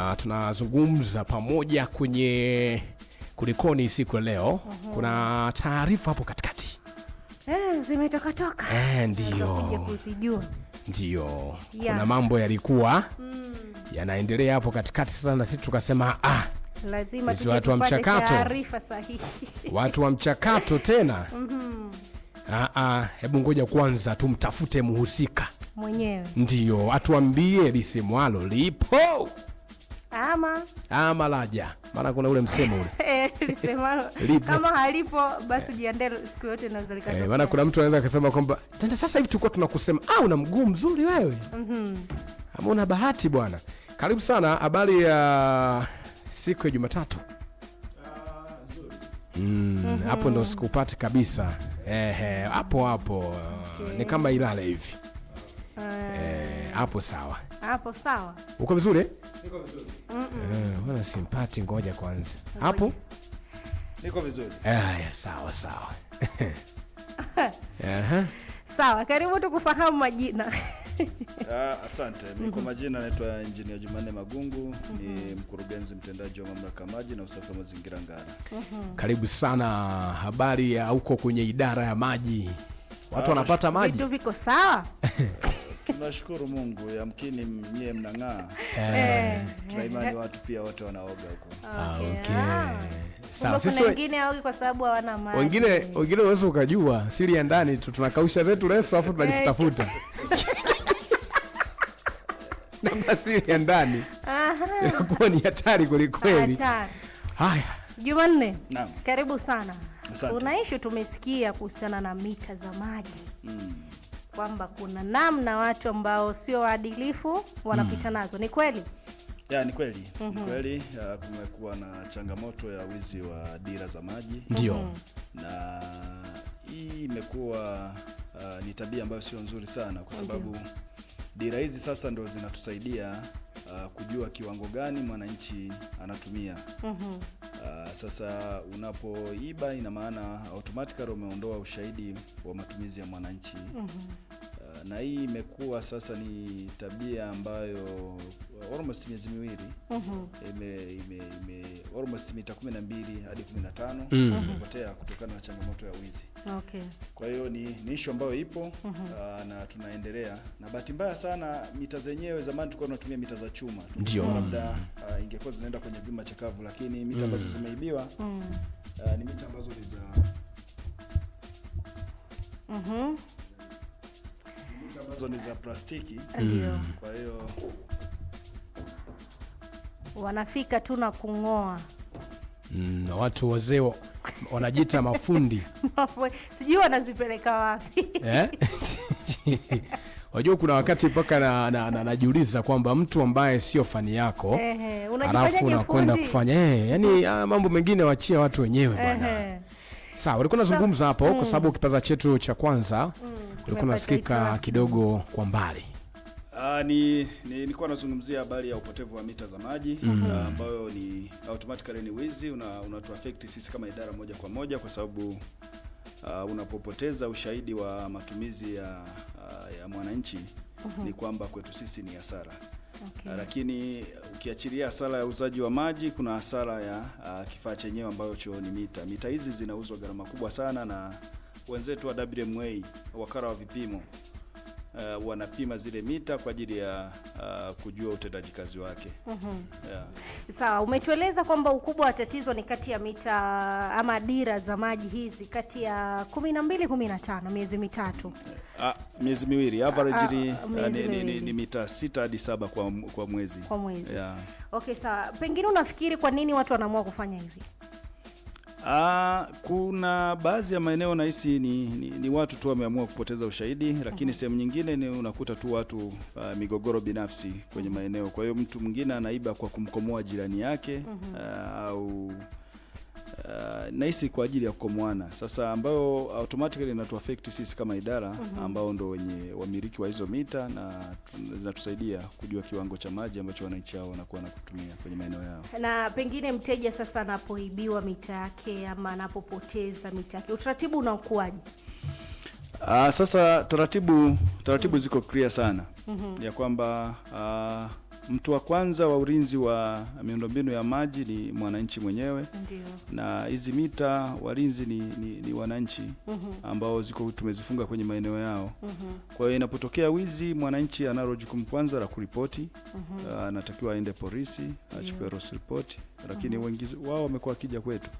Uh, tunazungumza pamoja kwenye kulikoni siku ya leo. Uhum. Kuna taarifa hapo katikati eh, zimetokatoka eh, ndio ndio, yeah. Kuna mambo yalikuwa mm, yanaendelea hapo katikati sasa, na sisi tukasema ah, lazima tuje watu wa mchakato taarifa sahihi watu wa mchakato tena mm Ah, hebu ngoja kwanza tumtafute muhusika mwenyewe, ndio atuambie lisemwalo lipo ama ama laja, maana kuna ule msemo ule lisemalo eh, kama halipo basi ujiandae siku yote inaweza likatokea. Eh, maana kuna mtu anaweza akasema kwamba tena sasa hivi tulikuwa tunakusema, ah, una mguu mzuri wewe. Mhm. Mm ama una bahati bwana. Karibu sana, habari ya uh, siku ya Jumatatu. Ah, mm, mm -hmm. Hapo ndo sikupati kabisa eh, hapo hapo okay. Ni kama ilale hivi eh. Eh, hapo uh, eh, sawa hapo sawa, uko vizuri Niko vizuri. Mm, eh, wana simpati, ngoja kwanza. Hapo? Niko vizuri. Haya, sawa sawa. Aha. Sawa, karibu kufahamu majina. Ah, asante. Mimi mm-hmm. kwa majina naitwa Engineer Jumanne Magungu, ni mm-hmm. mkurugenzi mtendaji wa Mamlaka ya Maji na Usafi wa Mazingira Ngara. Mm-hmm. Karibu sana. Habari ya huko kwenye idara ya maji, watu ah, wanapata maji? Vitu viko sawa? Tunashukuru Mungu, yamkini mnyewe mnang'aa. Eh, tuna imani watu pia wote wanaoga huko. Ah, ah, okay. Okay. Ah. Sawa, sisi wengine haogi kwa sababu hawana maji. Wengine wengine unaweza ukajua siri ya ndani tu, tunakausha zetu leso afu tunajitafuta na eh. siri ya ndani inakuwa ni hatari kwelikweli. Haya, Jumanne, karibu sana. Unaishi tumesikia kuhusiana na mita za maji mm kwamba kuna namna watu ambao sio waadilifu wanapita mm. nazo. Ni kweli ya, ni kweli mm -hmm. Ni mhm. kweli kumekuwa na changamoto ya wizi wa dira za maji ndio. mm -hmm. na hii imekuwa uh, ni tabia ambayo sio nzuri sana kwa sababu -hmm. Dira hizi sasa ndo zinatusaidia uh, kujua kiwango gani mwananchi anatumia. mm -hmm. Uh, sasa unapoiba ina maana automatically umeondoa ushahidi wa matumizi ya mwananchi. mm -hmm na hii imekuwa sasa ni tabia ambayo almost miezi miwili mm mita ime, ime, ime almost mita 12 hadi 15 zimepotea mm. kutokana na changamoto ya wizi. Okay. Kwa hiyo ni, ni ishu ambayo ipo uh, na tunaendelea na bahati mbaya sana mita zenyewe, zamani tulikuwa tunatumia mita za chuma, labda uh, ingekuwa zinaenda kwenye vyuma chakavu, lakini mita mm. ambazo zimeibiwa uh, ni mita ambazo ni za mhm ambazo ni za plastiki Kwa hiyo wanafika tu na kung'oa mm, na mm, watu wazee wanajiita mafundi sijui wanazipeleka wapi eh? Wajua, kuna wakati mpaka najiuliza na, na, na kwamba mtu ambaye sio fani yako halafu unakwenda kufanya eh, yani ah, mambo mengine wachia watu wenyewe bwana. Sawa, ulikuwa unazungumza hapo kwa mm. sababu kipaza chetu cha kwanza mm ulikuwa unasikika kidogo kwa mbali. Uh, ni nilikuwa ni nazungumzia habari ya upotevu wa mita za maji mm. Ah, ambayo mm. uh, ni automatically ni wizi una, affect sisi kama idara moja kwa moja kwa sababu uh, unapopoteza ushahidi wa matumizi ya, uh, ya mwananchi uhum. ni kwamba kwetu sisi ni hasara. Okay. Uh, lakini ukiachilia hasara ya uuzaji wa maji kuna hasara ya uh, kifaa chenyewe ambacho ni mita. Mita hizi zinauzwa gharama kubwa sana na wenzetu wa WMA wakala wa vipimo uh, wanapima zile mita kwa ajili ya uh, kujua utendaji kazi wake. mm -hmm. yeah. Sawa, umetueleza kwamba ukubwa wa tatizo ni kati ya mita ama dira za maji hizi kati ya 12 15, miezi mitatu A, miezi miwili average ni, ni, ni, ni, ni mita sita hadi saba kwa, kwa mwezi, kwa mwezi. Yeah. Okay, sawa, pengine unafikiri kwa nini watu wanaamua kufanya hivi? Aa, ah, kuna baadhi ya maeneo nahisi ni, ni, ni watu tu wameamua kupoteza ushahidi, lakini mhm. sehemu nyingine ni unakuta tu watu uh, migogoro binafsi kwenye maeneo. Kwa hiyo mtu mwingine anaiba kwa kumkomoa jirani yake uh, au Uh, nahisi kwa ajili ya kukomwana sasa, ambayo automatically inatuaffect sisi kama idara mm -hmm. ambao ndo wenye wamiliki wa hizo mita na zinatusaidia kujua kiwango cha maji ambacho wananchi hao wanakuwa nakutumia kwenye maeneo yao. Na pengine mteja sasa anapoibiwa mita yake ama anapopoteza mita yake, utaratibu unaokuwaje? Ah, sasa taratibu taratibu ziko clear sana mm -hmm. ya kwamba ah, Mtu wa kwanza wa ulinzi wa miundombinu ya maji ni mwananchi mwenyewe. Ndiyo. Na hizi mita walinzi ni, ni, ni wananchi mm -hmm. ambao ziko tumezifunga kwenye maeneo yao mm -hmm. Kwa hiyo inapotokea wizi, mwananchi analo jukumu kwanza la kuripoti mhm. ah, anatakiwa mm -hmm. aende polisi achukue loss report, lakini mm -hmm. wengi wao wamekuwa wakija kwetu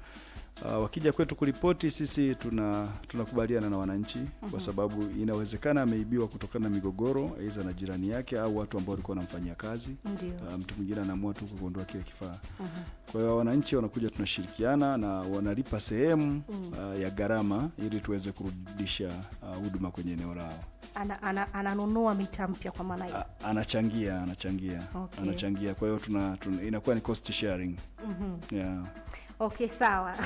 Uh, wakija kwetu kuripoti sisi tuna tunakubaliana na wananchi mm-hmm. kwa mhm. sababu inawezekana ameibiwa kutokana na migogoro aidha na jirani yake au watu ambao walikuwa wanamfanyia kazi. Uh, mtu mwingine anaamua tu kuondoa kile kifaa. mm-hmm. Kwa hiyo wananchi wanakuja, tunashirikiana na wanalipa sehemu mm. uh, ya gharama ili tuweze kurudisha uh, huduma uh, kwenye eneo lao. Ana, ana, ananunua mita mpya kwa maana hiyo, anachangia anachangia, okay, anachangia. Kwa hiyo tuna, tuna, inakuwa ni cost sharing. mm -hmm. yeah. Okay, sawa mm.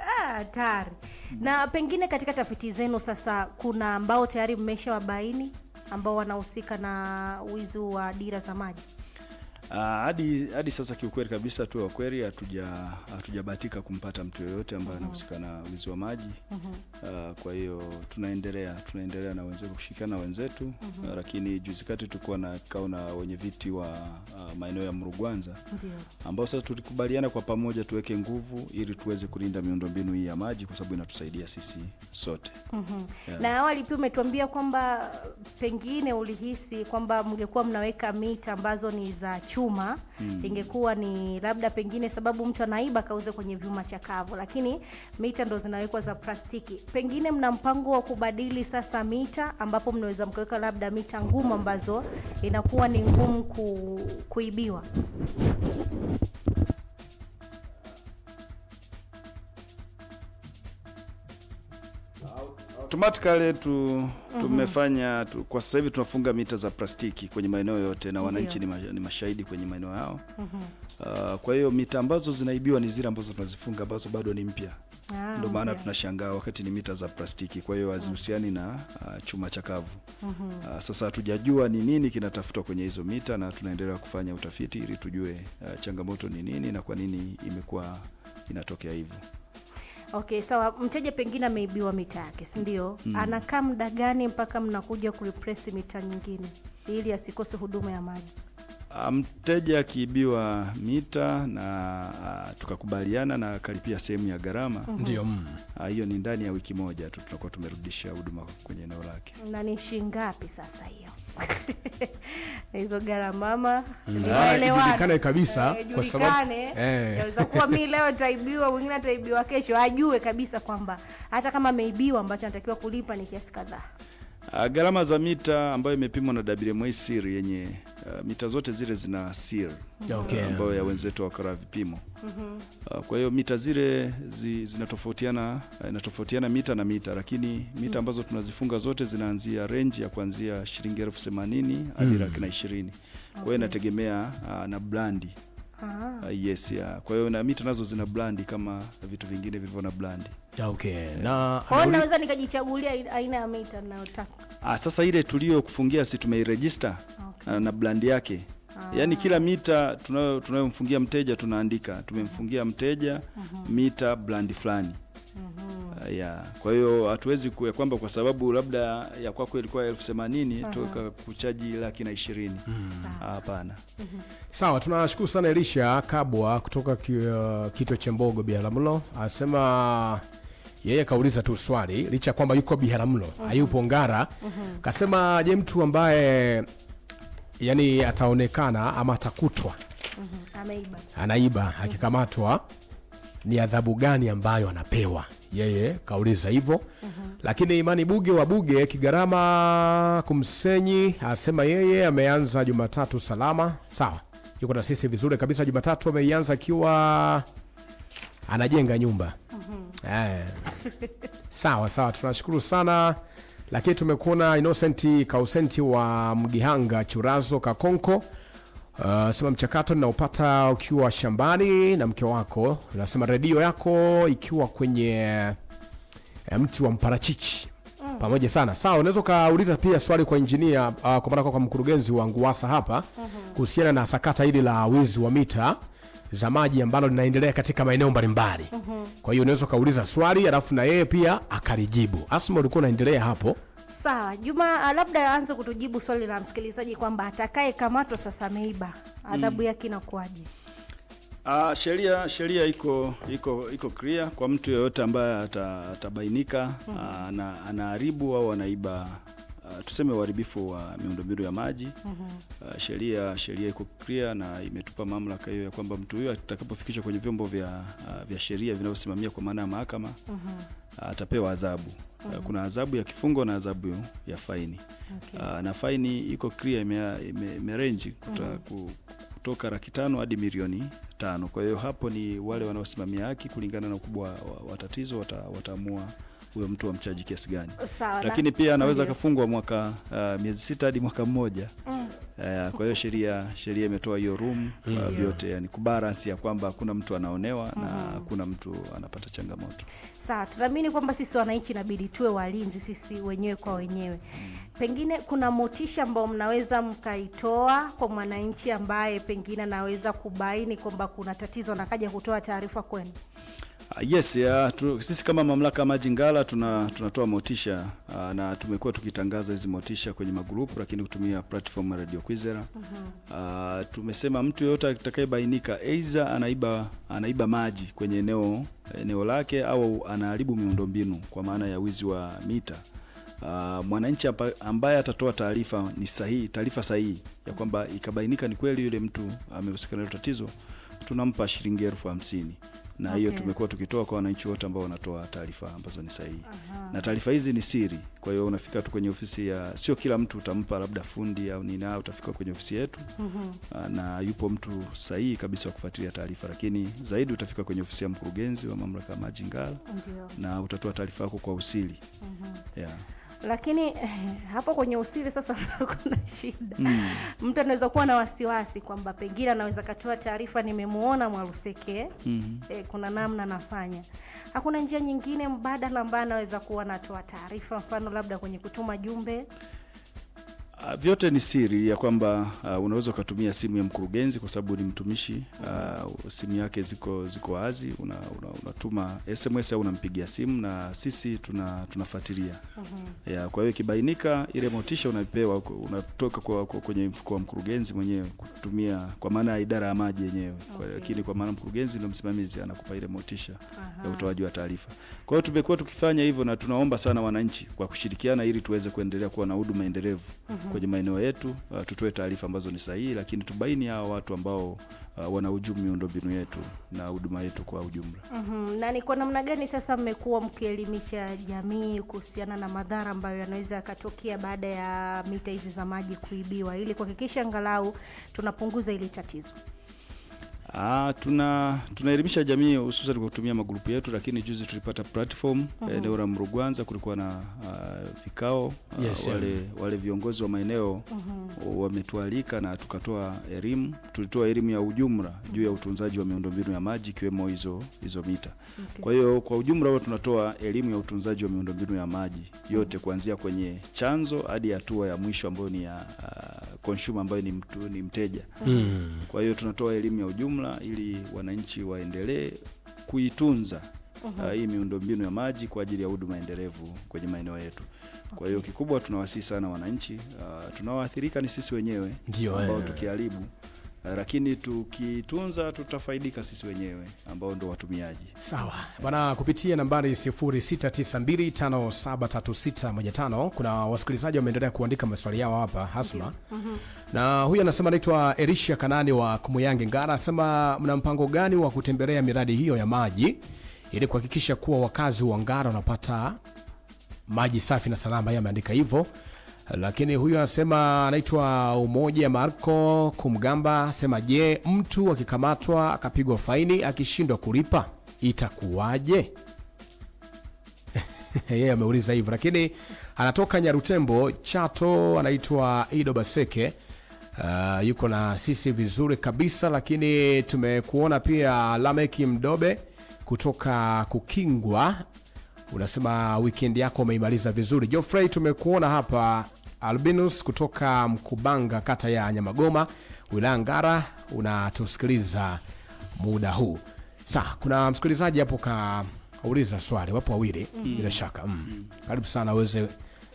ah, hatari. ah, mm. Na pengine katika tafiti zenu sasa, kuna ambao tayari mmeshawabaini ambao wanahusika na wizi wa dira za maji? Ah, hadi uh, hadi sasa kiukweli kabisa tu wakweli, hatuja hatujabahatika kumpata mtu yoyote ambaye mhm. anahusika na wizi wa maji uh uh, kwa hiyo tunaendelea tunaendelea na wenzetu kushirikiana na wenzetu uh uh, lakini juzi kati tulikuwa na kikao na wenye viti wa uh, maeneo ya Mrugwanza ambao sasa tulikubaliana kwa pamoja tuweke nguvu ili tuweze kulinda miundombinu hii ya maji kwa sababu inatusaidia sisi sote yeah. Na awali pia umetuambia kwamba pengine ulihisi kwamba mngekuwa mnaweka mita ambazo ni za chuma mm. Ingekuwa ni labda pengine sababu mtu anaiba kauze kwenye vyuma chakavu, lakini mita ndo zinawekwa za plastiki. Pengine mna mpango wa kubadili sasa mita, ambapo mnaweza mkaweka labda mita ngumu ambazo inakuwa ni ngumu ku, kuibiwa. automatically tu, mhm. tumefanya tu, kwa sasa hivi tunafunga mita za plastiki kwenye maeneo yote na wananchi ni, ma, ni mashahidi kwenye maeneo yao. Uh, kwa hiyo mita ambazo zinaibiwa ni zile ambazo tunazifunga ambazo bado ni mpya Ah, ndio maana okay, tunashangaa wakati ni mita za plastiki, kwa hiyo hazihusiani na uh, chuma chakavu. mm -hmm. Uh, ah, sasa hatujajua ni nini kinatafutwa kwenye hizo mita na tunaendelea kufanya utafiti ili tujue uh, changamoto ni nini na kwa nini imekuwa inatokea hivyo. Okay, sawa. So, mteja pengine ameibiwa mita yake, si ndio? mm. Anakaa muda gani mpaka mnakuja kurepresi mita nyingine ili asikose huduma ya maji? Ah, mteja akiibiwa mita na uh, tukakubaliana na akalipia sehemu ya gharama, mhm. ndio mm ah, hiyo -hmm. uh, ni ndani ya wiki moja tu tunakuwa tumerudisha huduma kwenye eneo lake. Na ni shilingi ngapi sasa hiyo? hizo garamama mm. ah, ijulikane kabisa, kwa eh, sababu inaweza eh. kuwa mimi leo nitaibiwa, mwingine ataibiwa kesho, ajue kabisa kwamba hata kama ameibiwa, ambacho anatakiwa kulipa ni kiasi kadhaa. Ah, gharama za mita ambayo imepimwa na WMS siri yenye Eh, mita zote zile zina seal okay. uh, ambayo ya wenzetu wakara vipimo mm -hmm. uh, eh, kwa hiyo mita zile zi, zinatofautiana inatofautiana uh, mita na mita, lakini mita mm. ambazo tunazifunga zote zinaanzia range ya kuanzia shilingi elfu themanini hadi mm. laki na ishirini. Kwa hiyo okay. inategemea uh, na blandi Uh, ah. ah, yes ya. Kwa hiyo na mita nazo zina blandi kama vitu vingine vilivyo na blandi. Okay. Yeah. Na naweza nikajichagulia aina ya mita ninayotaka. Ah, sasa ile tuliyokufungia si tumeiregister na, na blandi yake ah. Yaani kila mita tunayomfungia tunayo mteja tunaandika tumemfungia mteja mm -hmm. mita blandi fulani mm -hmm. uh, Kwa hiyo hatuwezi kuya kwamba kwa sababu labda ya kwako ilikuwa elfu themanini toka kuchaji laki na ishirini hmm. hapana. mm -hmm. Sawa, tunashukuru sana Elisha Kabwa kutoka uh, kituo cha Mbogo Biharamulo asema yeye kauliza tu swali licha kwamba yuko Biharamulo, mhm. hayupo Ngara. Mhm. Kasema, je, mtu ambaye yani ataonekana ama atakutwa mhm, Anaiba mhm. akikamatwa, ni adhabu gani ambayo anapewa yeye? Kauliza hivyo mhm. Lakini Imani Buge wa Buge Kigarama Kumsenyi asema yeye ameanza Jumatatu salama. Sawa, yuko na sisi vizuri kabisa. Jumatatu ameianza akiwa anajenga nyumba Eh. Sawa sawa, tunashukuru sana lakini tumekuona Innocent Kausenti wa Mgihanga Churazo Kakonko. Uh, sema mchakato ninaopata ukiwa shambani na mke wako, nasema redio yako ikiwa kwenye eh, mti wa mparachichi mm. Pamoja sana sawa. Unaweza ukauliza pia swali kwa injinia uh, kwa maana kwa mkurugenzi wa Nguwasa hapa mm-hmm. kuhusiana na sakata hili la wizi wa mita za maji ambalo linaendelea katika maeneo mbalimbali. Mhm. Kwa hiyo unaweza ukauliza swali alafu na yeye pia akalijibu. Asma, ulikuwa unaendelea hapo. Sawa Juma, ah, labda aanze kutujibu swali la msikilizaji kwamba atakaye kamatwa sasa ameiba adhabu mm. yake inakuwaje? Uh, sheria sheria iko iko iko clear kwa mtu yeyote ambaye atabainika mm -hmm. uh, anaharibu au anaiba tuseme uharibifu wa miundombinu ya maji mm -hmm. uh, sheria sheria iko clear na imetupa mamlaka hiyo ya kwamba mtu huyo atakapofikishwa kwenye vyombo vya, uh, vya sheria vinavyosimamia kwa maana ya mahakama mm -hmm. uh, atapewa adhabu mm -hmm. uh, kuna adhabu ya kifungo na adhabu ya faini okay. uh, na faini iko clear imerenji mhm. kutoka laki tano hadi milioni tano. Kwa hiyo hapo ni wale wanaosimamia haki kulingana na ukubwa wa tatizo wataamua wata huyo mtu wamchaji kiasi gani. Lakini pia anaweza akafungwa mwaka uh, miezi sita hadi mwaka mmoja mm. Uh, kwa hiyo sheria sheria imetoa hiyo room mm. Uh, vyote yani kubalansi ya kwamba hakuna mtu anaonewa mm. na mm-hmm. hakuna mtu anapata changamoto. Sawa, tunaamini kwamba sisi wananchi inabidi tuwe walinzi sisi wenyewe kwa wenyewe mm. Pengine kuna motisha ambayo mnaweza mkaitoa kwa mwananchi ambaye pengine anaweza kubaini kwamba kuna tatizo na kaja kutoa taarifa kwenu. Ah, yes, ya, tu, sisi kama mamlaka ya maji Ngara tuna, tunatoa motisha uh, na tumekuwa tukitangaza hizi motisha kwenye magrupu lakini kutumia platform ya Radio Kwizera. Uh, tumesema mtu yoyote atakayebainika aidha anaiba, anaiba maji kwenye eneo, eneo lake au anaharibu miundombinu kwa maana ya wizi wa mita Uh, mwananchi ambaye atatoa taarifa ni sahihi, taarifa sahihi ya kwamba ikabainika ni kweli yule mtu amehusika na tatizo, tunampa shilingi elfu hamsini na hiyo okay. Tumekuwa tukitoa kwa wananchi wote ambao wanatoa taarifa ambazo ni sahihi na taarifa hizi ni siri. Kwa hiyo unafika tu kwenye ofisi ya, sio kila mtu utampa labda fundi au nini, utafika kwenye ofisi yetu mm -hmm. na yupo mtu sahihi kabisa wa kufuatilia taarifa, lakini zaidi utafika kwenye ofisi ya mkurugenzi wa mamlaka ya maji Ngara na utatoa taarifa yako kwa usiri mm -hmm. yeah lakini eh, hapo kwenye usiri sasa kuna shida mm. Mtu anaweza kuwa na wasiwasi kwamba pengine anaweza katoa taarifa, nimemuona Mwaruseke mm -hmm. eh, kuna namna nafanya, hakuna njia nyingine mbadala ambayo anaweza kuwa anatoa taarifa, mfano labda kwenye kutuma jumbe Uh, vyote ni siri ya kwamba uh, unaweza ukatumia simu ya mkurugenzi kwa sababu ni mtumishi uh, simu yake ziko ziko wazi, unatuma una, una SMS au unampigia simu na sisi tuna tunafuatilia. Uh-huh. Mhm. Yeah, kwa hiyo ikibainika ile motisha unapewa unatoka kwa, kwa, kwenye mfuko wa mkurugenzi mwenyewe kutumia kwa maana ya idara ya maji yenyewe. Okay. Lakini kwa maana mkurugenzi ndio msimamizi anakupa ile motisha uh-huh, ya utoaji wa taarifa. Kwa hiyo tumekuwa tukifanya hivyo na tunaomba sana wananchi kwa kushirikiana ili tuweze kuendelea kuwa na huduma endelevu. Uh-huh kwenye maeneo yetu, uh, tutoe taarifa ambazo ni sahihi, lakini tubaini hawa watu ambao uh, wanahujumu miundombinu yetu na huduma yetu kwa ujumla. mm -hmm. Na ni kwa namna gani sasa mmekuwa mkielimisha jamii kuhusiana na madhara ambayo yanaweza yakatokea baada ya mita hizi za maji kuibiwa ili kuhakikisha angalau tunapunguza ile tatizo? Ah, tuna tunaelimisha jamii hususan kwa kutumia magrupu yetu, lakini juzi tulipata platform eneo la Mrugwanza, kulikuwa na ah, vikao ah, yes, uh, wale, wale viongozi wa maeneo wametualika na tukatoa elimu. Tulitoa elimu ya ujumla juu ya utunzaji wa miundombinu ya maji ikiwemo hizo hizo mita okay. Kwa hiyo kwa ujumla huwa tunatoa elimu ya utunzaji wa miundombinu ya maji yote kuanzia kwenye chanzo hadi hatua ya mwisho ambayo ni ya uh, consumer ambayo ni, mtu, ni mteja mm. Kwa hiyo tunatoa elimu ya ujumla ujumla, ili wananchi waendelee kuitunza uh, hii miundombinu ya maji kwa ajili ya huduma endelevu kwenye maeneo yetu. Kwa hiyo okay, kikubwa tunawasihi sana wananchi uh, tunaoathirika ni sisi wenyewe ambao eh. tukiharibu Eh, lakini tukitunza tutafaidika sisi wenyewe ambao ndo watumiaji. Sawa bwana, kupitia nambari 0692573615 kuna wasikilizaji wameendelea kuandika maswali yao hapa hasma. mm -hmm. na huyu anasema anaitwa erisha Kanani wa Kumuyange Ngara, anasema mna mpango gani wa kutembelea miradi hiyo ya maji ili kuhakikisha kuwa wakazi wa Ngara wanapata maji safi na salama? Yeye ameandika hivyo. Lakini huyu anasema anaitwa Umoja Marco Kumgamba, sema je, mtu akikamatwa akapigwa faini akishindwa kulipa itakuwaje? Yeye ameuliza hivyo, lakini anatoka Nyarutembo Chato, anaitwa Ido Baseke. Uh, yuko na sisi vizuri kabisa, lakini tumekuona pia Lameki Mdobe kutoka Kukingwa, unasema weekend yako umeimaliza vizuri. Geoffrey, tumekuona hapa Albinus kutoka Mkubanga, kata ya Nyamagoma, wilaya Ngara, unatusikiliza muda huu. sa kuna msikilizaji hapo kauliza swali, wapo wawili mm. bila shaka mm. Mm. Karibu sana aweze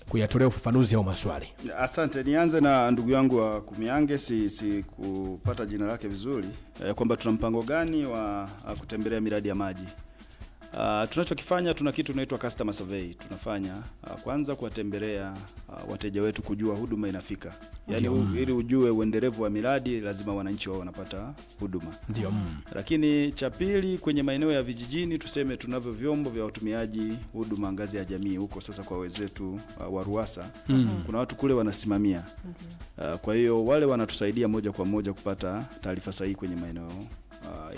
kuyatolea ufafanuzi au maswali. Asante, nianze na ndugu yangu wa Kumiange, si si kupata jina lake vizuri, eh, kwamba tuna mpango gani wa kutembelea miradi ya maji Uh, tunachokifanya tuna kitu tunaitwa customer survey tunafanya uh, kwanza kuwatembelea uh, wateja wetu kujua huduma inafika. yani, u, ili ujue uendelevu wa miradi lazima wananchi wao wanapata huduma. Ndio. Lakini cha pili kwenye maeneo ya vijijini tuseme tunavyo vyombo vya watumiaji huduma ngazi ya jamii huko sasa kwa wenzetu uh, wa RUWASA mm. Kuna watu kule wanasimamia. Uh, kwa hiyo wale wanatusaidia moja kwa moja kupata taarifa sahihi kwenye maeneo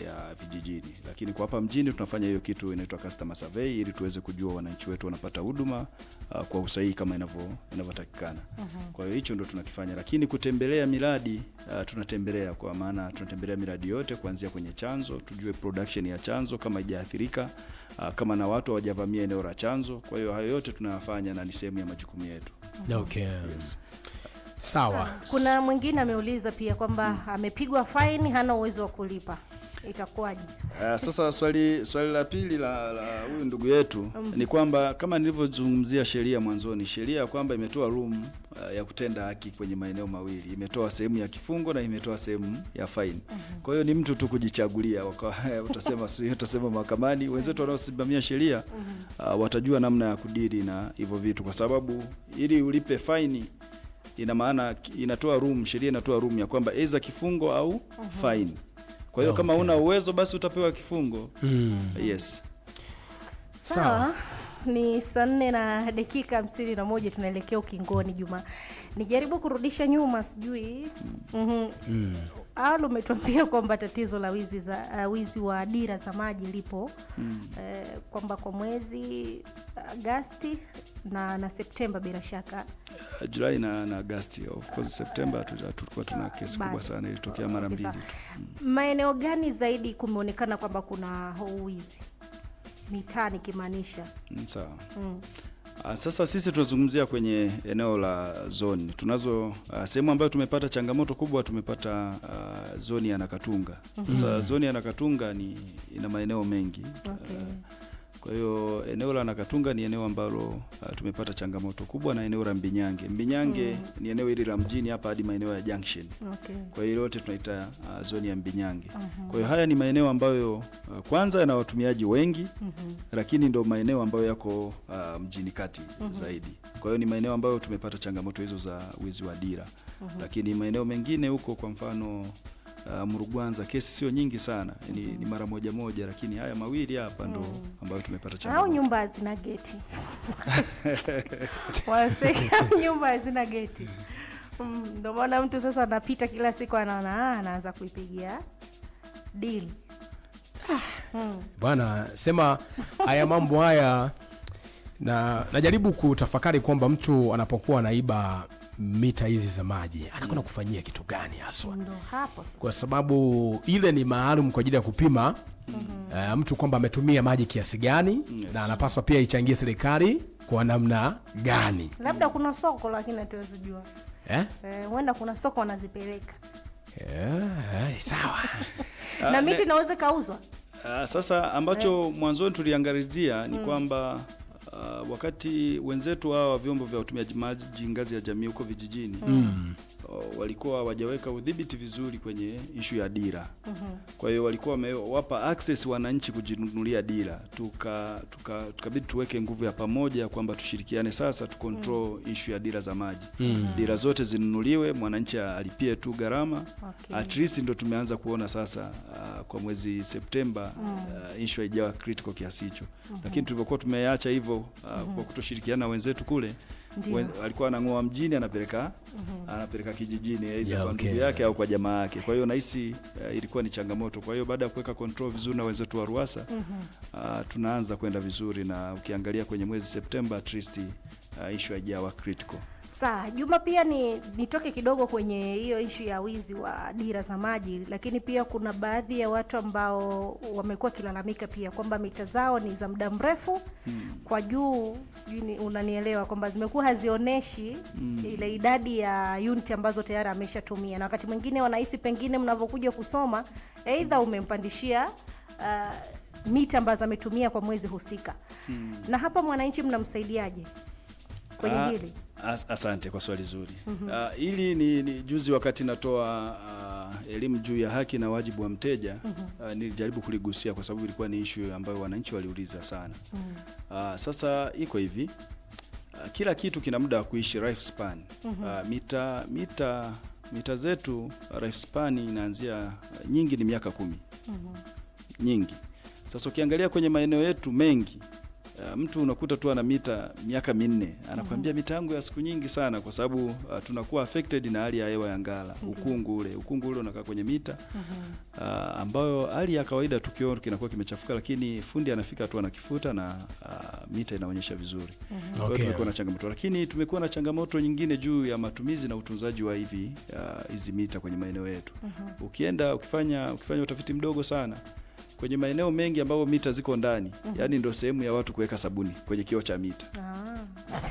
ya vijijini, lakini kwa hapa mjini tunafanya hiyo kitu inaitwa customer survey ili tuweze kujua wananchi wetu wanapata huduma uh, kwa usahihi kama inavyotakikana. Uh-huh. Kwa hiyo hicho ndo tunakifanya, lakini kutembelea miradi uh, tunatembelea kwa maana tunatembelea miradi yote kuanzia kwenye chanzo, tujue production ya chanzo kama haijaathirika, uh, kama na watu hawajavamia eneo la chanzo. Kwa hiyo hayo yote tunayafanya na ni sehemu ya majukumu yetu. Mhm. Okay. Yes. Sawa. Kuna mwingine ameuliza pia kwamba amepigwa faini, hana uwezo wa kulipa itakuwaje? Uh, sasa swali swali la pili la huyu ndugu yetu um, ni kwamba kama nilivyozungumzia sheria mwanzoni, sheria kwamba imetoa room uh, ya kutenda haki kwenye maeneo mawili, imetoa sehemu ya kifungo na imetoa sehemu ya faini. Mhm. Kwa hiyo ni mtu tu kujichagulia, utasema utasema mahakamani. Wenzetu wanaosimamia sheria uh, watajua namna ya kudiri na hivyo vitu, kwa sababu ili ulipe faini ina maana inatoa room, sheria inatoa room ya kwamba aidha kifungo au mhm. faini kwa hiyo ah, okay. Kama una uwezo basi utapewa kifungo mm. Yes, sawa. Ni saa nne na dakika hamsini na moja tunaelekea ukingoni. Juma, nijaribu kurudisha nyuma, sijui mm -hmm. mm. Alu, umetuambia kwamba tatizo la wizi za uh, wizi wa dira za maji lipo mm. uh, kwamba kwa mwezi Agasti na, na Septemba bila shaka uh, eh, Julai na, na Agosti. Of course Septemba tulikuwa tuna kesi kubwa sana, ilitokea mara mbili tu. Hmm. Maeneo gani zaidi kumeonekana kwamba kuna uwizi mitaa nikimaanisha? Hmm, sawa. mm. Sasa sisi tunazungumzia kwenye eneo la zoni, tunazo uh, sehemu ambayo tumepata changamoto kubwa, tumepata uh, ah, zoni ya Nakatunga. Mhm. Sasa mm -hmm. zoni ya Nakatunga ni ina maeneo mengi okay. uh, kwa hiyo eneo la Nakatunga ni eneo ambalo uh, tumepata changamoto kubwa na eneo la Mbinyange. Mbinyange mm. ni eneo hili la mjini hapa hadi maeneo ya junction. Okay. Kwa hiyo yote tunaita uh, zoni ya Mbinyange. Uh -huh. Kwa hiyo haya ni maeneo ambayo uh, kwanza yana watumiaji wengi uh mm-hmm. -huh. lakini ndio maeneo ambayo yako uh, mjini kati uh mm-hmm. -huh. zaidi. Kwa hiyo ni maeneo ambayo tumepata changamoto hizo za wizi wa dira. Uh mm-hmm. -huh. Lakini maeneo mengine huko kwa mfano uh, Murugwanza kesi sio nyingi sana ni, mm -hmm. ni mara moja moja, lakini haya mawili hapa ndo mm. ambayo tumepata changamoto. Au nyumba hazina geti waseka nyumba hazina geti ndo mm, maana mtu sasa anapita kila siku anaona ah, anaanza kuipigia deal ah, mm. Bwana sema haya mambo haya na najaribu kutafakari kwamba mtu anapokuwa anaiba mita hizi za maji anakwenda mm. kufanyia kitu gani haswa, kwa sababu ile ni maalum kwa ajili ya kupima mm -hmm. uh, mtu kwamba ametumia maji kiasi gani yes. na anapaswa pia ichangie serikali kwa namna gani, labda kuna soko lakini hatuwezi jua eh? Eh, kuna soko wanazipeleka eh, eh sawa na ah, miti inaweza kauzwa. Uh, ah, sasa ambacho eh, mwanzoni tuliangalizia ni mm. kwamba Ah, wakati wenzetu hawa wa vyombo vya utumiaji maji ngazi ya jamii huko vijijini mm. Uh, walikuwa wajaweka udhibiti vizuri kwenye ishu ya dira. mm -hmm. Kwa hiyo walikuwa wamewapa access wananchi kujinunulia dira, tuka tukabidi tuka tuweke nguvu ya pamoja kwamba tushirikiane sasa tu control mm -hmm. ishu ya dira za maji mm -hmm. Dira zote zinunuliwe, mwananchi alipie tu gharama. okay. At least ndo tumeanza kuona sasa uh, kwa mwezi Septemba mm -hmm. uh, ishu haijawa critical kiasi hicho. mm -hmm. Lakini tulivyokuwa tumeacha hivyo uh, mm -hmm. kwa mhm. kutoshirikiana wenzetu kule alikuwa anang'oa mjini anapeleka mm -hmm. anapeleka kijijini aidha yeah, kwa ndugu okay. yake au kwa jamaa yake. Kwa hiyo nahisi uh, ilikuwa ni changamoto. Kwa hiyo baada ya kuweka control vizuri na wenzetu wa ruasa mm -hmm. uh, ah, tunaanza kwenda vizuri, na ukiangalia kwenye mwezi Septemba at least uh, issue haijawa critical. Saa Juma, pia ni nitoke kidogo kwenye hiyo ishu ya wizi wa dira za maji, lakini pia kuna baadhi ya watu ambao wamekuwa wakilalamika pia kwamba mita zao ni za muda mrefu mm. kwa juu, sijui unanielewa, kwamba zimekuwa hazioneshi mm. ile idadi ya unit ambazo tayari ameshatumia, na wakati mwingine wanahisi pengine mnavyokuja kusoma, aidha umempandishia uh, mita ambazo ametumia kwa mwezi husika mm. na hapa mwananchi mnamsaidiaje kwenye ah, hili? asante kwa swali zuri. Mhm. Ah, hili mm -hmm. uh, ni, ni juzi wakati natoa uh, elimu juu ya haki na wajibu wa mteja mm -hmm. uh, nilijaribu kuligusia kwa sababu ilikuwa ni ishu ambayo wananchi waliuliza sana mm -hmm. uh, sasa iko hivi uh, kila kitu kina muda wa kuishi life span mm -hmm. uh, mita, mita, mita zetu life span inaanzia uh, nyingi ni miaka kumi mm -hmm. nyingi. Sasa ukiangalia kwenye maeneo yetu mengi Eh, mtu unakuta tu ana mita miaka minne anakwambia mhm. mita yangu ya siku nyingi sana, kwa sababu uh, tunakuwa affected na hali ya hewa ya Ngara mm -hmm. ukungu ule ukungu ule unakaa kwenye mita mm -hmm. uh, ambayo hali ya kawaida tukio kinakuwa kimechafuka, lakini fundi anafika tu anakifuta na uh, mita inaonyesha vizuri mm -hmm. okay. Tumekuwa na changamoto, lakini tumekuwa na changamoto nyingine juu ya matumizi na utunzaji wa hivi hizi uh, mita kwenye maeneo yetu mm -hmm. Ukienda ukifanya ukifanya utafiti mdogo sana kwenye maeneo mengi ambayo mita ziko ndani mm -hmm. Yani ndo sehemu ya watu kuweka sabuni kwenye kioo cha mita ah.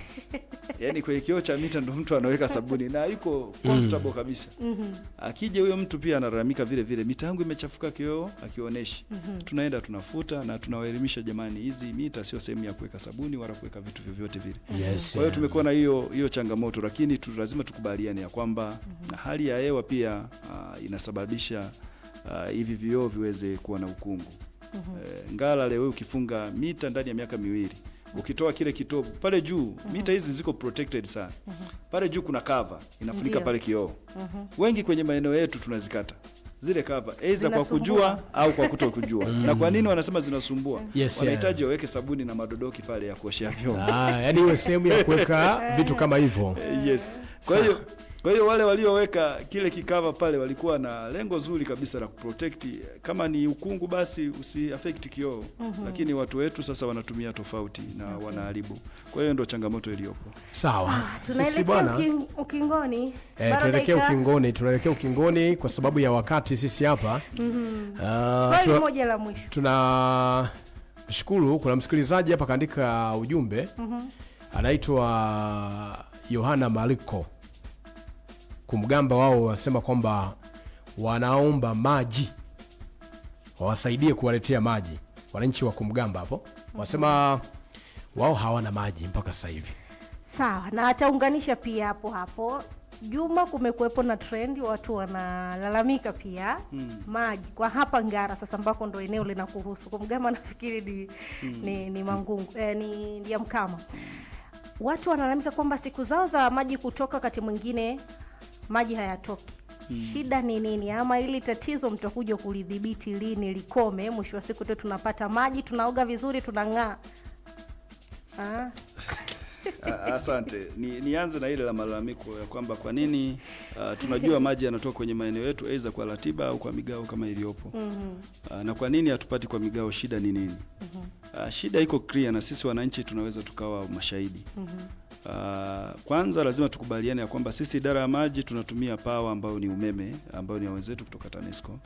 Yani kwenye kioo cha mita ndo mtu anaweka sabuni na yuko comfortable mhm. kabisa mm -hmm. Akija huyo mtu pia analalamika vile vile, mita yangu imechafuka, kioo akioneshi mm -hmm. Tunaenda tunafuta na tunawaelimisha, jamani, hizi mita sio sehemu ya kuweka sabuni wala kuweka vitu vyovyote vile mhm. yes, kwa hiyo tumekuwa na hiyo hiyo changamoto, lakini tu lazima tukubaliane ya kwamba mm -hmm. hali ya hewa pia uh, inasababisha Ah, hivi uh, vioo viweze kuwa na ukungu mm -hmm. uh, ngala leo ukifunga mita ndani ya miaka miwili mhm. ukitoa kile kitovu pale juu uh mhm. -huh. mita hizi ziko protected sana uh mhm. -huh. pale juu kuna kava inafunika pale kioo uh -huh. wengi kwenye maeneo yetu tunazikata zile kava aidha kwa kujua au kwa kuto kujua. Mm. na kwa nini wanasema zinasumbua? Mm. yes, wanahitaji yeah. waweke sabuni na madodoki pale ya kuoshea vyombo ah, yani iwe sehemu ya kuweka eh. vitu kama hivyo eh, yes. Kwa hiyo kwa hiyo wale walioweka kile kikava pale walikuwa na lengo zuri kabisa la kuprotect, kama ni ukungu basi usi affect kioo. mm -hmm. Lakini watu wetu sasa wanatumia tofauti na okay. wanaharibu. Kwa hiyo ndio changamoto iliyopo. Sawa, sisi bwana ukingoni, eh, tunaelekea ukingoni, tunaelekea ukingoni kwa sababu ya wakati sisi hapa mm uh, swali moja la mwisho tuna shukuru, kuna msikilizaji hapa kaandika ujumbe mm anaitwa Yohana Mhm kumgamba wao, wasema kwamba wanaomba maji wawasaidie kuwaletea maji wananchi wa kumgamba hapo, wasema wao hawana maji mpaka sasa hivi. Sawa, na ataunganisha pia hapo hapo Juma, kumekuwepo na trendi watu wanalalamika pia hmm. maji kwa hapa Ngara sasa, ambako ndo eneo linakuhusu kumgama, nafikiri ni, hmm. ni, ni Mangungu eh, ni Liamkama. Watu wanalalamika kwamba siku zao za maji kutoka wakati mwingine maji hayatoki. Hmm. Shida ni nini? Ama ili tatizo mtakuja kulidhibiti lini likome? Mwisho wa siku tu tunapata maji, tunaoga vizuri, tunang'aa. Ah. Asante. Ni, nianze na ile la malalamiko ya kwamba kwa nini uh, tunajua maji yanatoka kwenye maeneo yetu aidha kwa ratiba au kwa migao kama iliyopo. mm -hmm. Uh, na kwa nini hatupati kwa migao, shida ni nini? mm -hmm. Uh, shida iko clear na sisi wananchi tunaweza tukawa mashahidi. mm -hmm. Uh, kwanza lazima tukubaliane ya kwamba sisi idara ya maji tunatumia pawa ambayo ni umeme ambayo ni wenzetu kutoka TANESCO.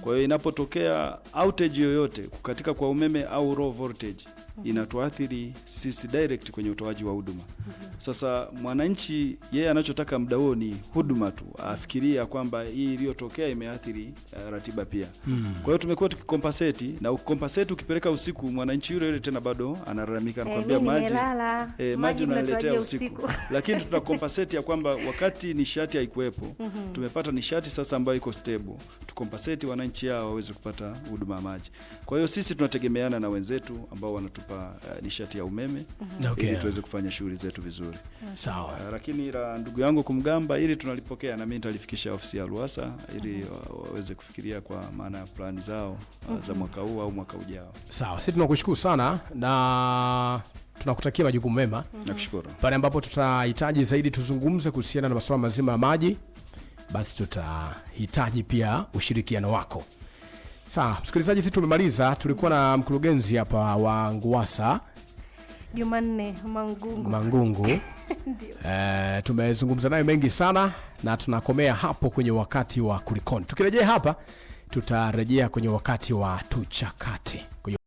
Kwa hiyo inapotokea outage yoyote, kukatika kwa umeme au raw voltage, inatuathiri sisi direct kwenye utoaji wa huduma. mm-hmm. Sasa mwananchi yeye anachotaka muda huo ni huduma tu, afikiria kwamba hii iliyotokea imeathiri uh, ratiba pia. mm-hmm. Kwa hiyo tumekuwa tukikompensate na ukompensate, ukipeleka usiku mwananchi yule yule tena bado analalamika, anakuambia eh, maji eh, maji unaletea usiku usiku. lakini tunakompensate ya kwamba wakati nishati haikuwepo mhm. tumepata nishati sasa ambayo iko stable, tukompensate wananchi hao waweze kupata huduma ya maji. Kwa hiyo sisi tunategemeana na wenzetu ambao wanatu kutupa uh, eh, nishati ya umeme mm-hmm. okay, ili tuweze kufanya shughuli zetu vizuri mm. sawa. Uh, lakini la ndugu yangu Kumgamba ili tunalipokea na mimi nitalifikisha ofisi ya ruasa ili mm-hmm. waweze kufikiria kwa maana ya plani zao uh, za mm-hmm. mwaka huu au mwaka ujao. Sawa, sisi tunakushukuru sana na tunakutakia majukumu mema. Nakushukuru. Pale ambapo tutahitaji zaidi tuzungumze kuhusiana na masuala mazima ya maji, basi tutahitaji pia ushirikiano wako. Sawa msikilizaji, sisi tumemaliza. Tulikuwa na mkurugenzi hapa wa nguasa Jumanne Mangungu, Mangungu. E, tumezungumza naye mengi sana na tunakomea hapo kwenye wakati wa kulikoni. Tukirejea hapa tutarejea kwenye wakati wa tuchakate kwenye